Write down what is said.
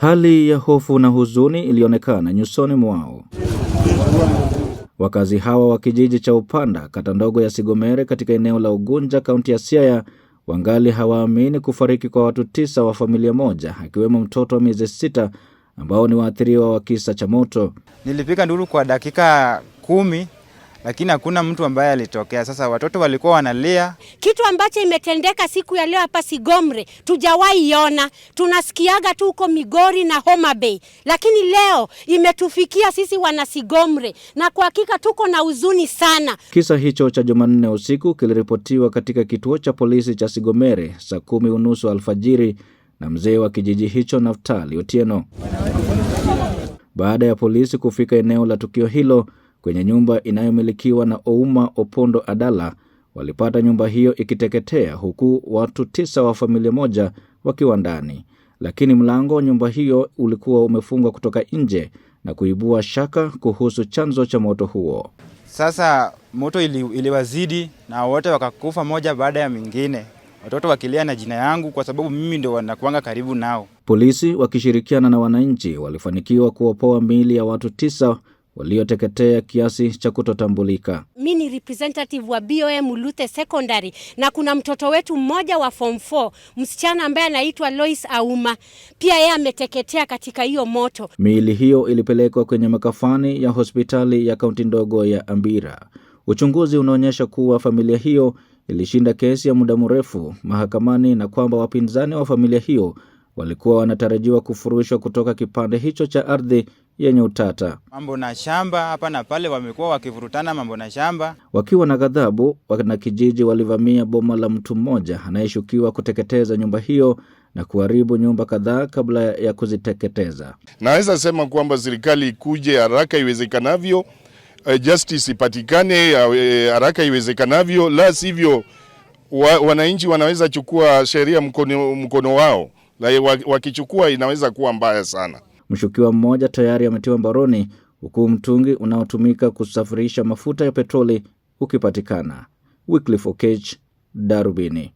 Hali ya hofu na huzuni ilionekana nyusoni mwao. Wakazi hawa wa kijiji cha Upanda, kata ndogo ya Sigomere, katika eneo la Ugunja, kaunti ya Siaya, wangali hawaamini kufariki kwa watu tisa wa familia moja, akiwemo mtoto wa miezi sita ambao ni waathiriwa wa kisa cha moto. nilipika nduru kwa dakika kumi lakini hakuna mtu ambaye alitokea. Sasa watoto walikuwa wanalia. Kitu ambacho imetendeka siku ya leo hapa Sigomre tujawahi iona, tunasikiaga tu huko Migori na Homa Bay, lakini leo imetufikia sisi wana Sigomre, na kwa hakika tuko na huzuni sana. Kisa hicho cha Jumanne usiku kiliripotiwa katika kituo cha polisi cha Sigomere saa kumi unusu alfajiri na mzee wa kijiji hicho Naftali Otieno. Baada ya polisi kufika eneo la tukio hilo kwenye nyumba inayomilikiwa na Ouma Opondo Adala walipata nyumba hiyo ikiteketea huku watu tisa wa familia moja wakiwa ndani, lakini mlango wa nyumba hiyo ulikuwa umefungwa kutoka nje na kuibua shaka kuhusu chanzo cha moto huo. Sasa moto ili, iliwazidi na wote wakakufa moja baada ya mingine, watoto wakilia na jina yangu kwa sababu mimi ndio wanakuanga karibu nao. Polisi wakishirikiana na wananchi walifanikiwa kuopoa miili ya watu tisa walioteketea kiasi cha kutotambulika. Mi ni representative wa BOM Lute Secondary, na kuna mtoto wetu mmoja wa form 4 msichana ambaye anaitwa Lois Auma, pia yeye ameteketea katika hiyo moto. Miili hiyo ilipelekwa kwenye makafani ya hospitali ya kaunti ndogo ya Ambira. Uchunguzi unaonyesha kuwa familia hiyo ilishinda kesi ya muda mrefu mahakamani na kwamba wapinzani wa familia hiyo walikuwa wanatarajiwa kufurushwa kutoka kipande hicho cha ardhi yenye utata. Mambo na shamba hapa na pale, wamekuwa wakivurutana mambo na shamba. Wakiwa na ghadhabu, wanakijiji walivamia boma la mtu mmoja anayeshukiwa kuteketeza nyumba hiyo na kuharibu nyumba kadhaa kabla ya kuziteketeza. Naweza sema kwamba serikali ikuje haraka iwezekanavyo, eh, justice ipatikane eh, haraka iwezekanavyo, la sivyo wa, wananchi wanaweza chukua sheria mkono, mkono wao na wakichukua inaweza kuwa mbaya sana. Mshukiwa mmoja tayari ametiwa mbaroni huku mtungi unaotumika kusafirisha mafuta ya petroli ukipatikana. Wycliffe Darubini.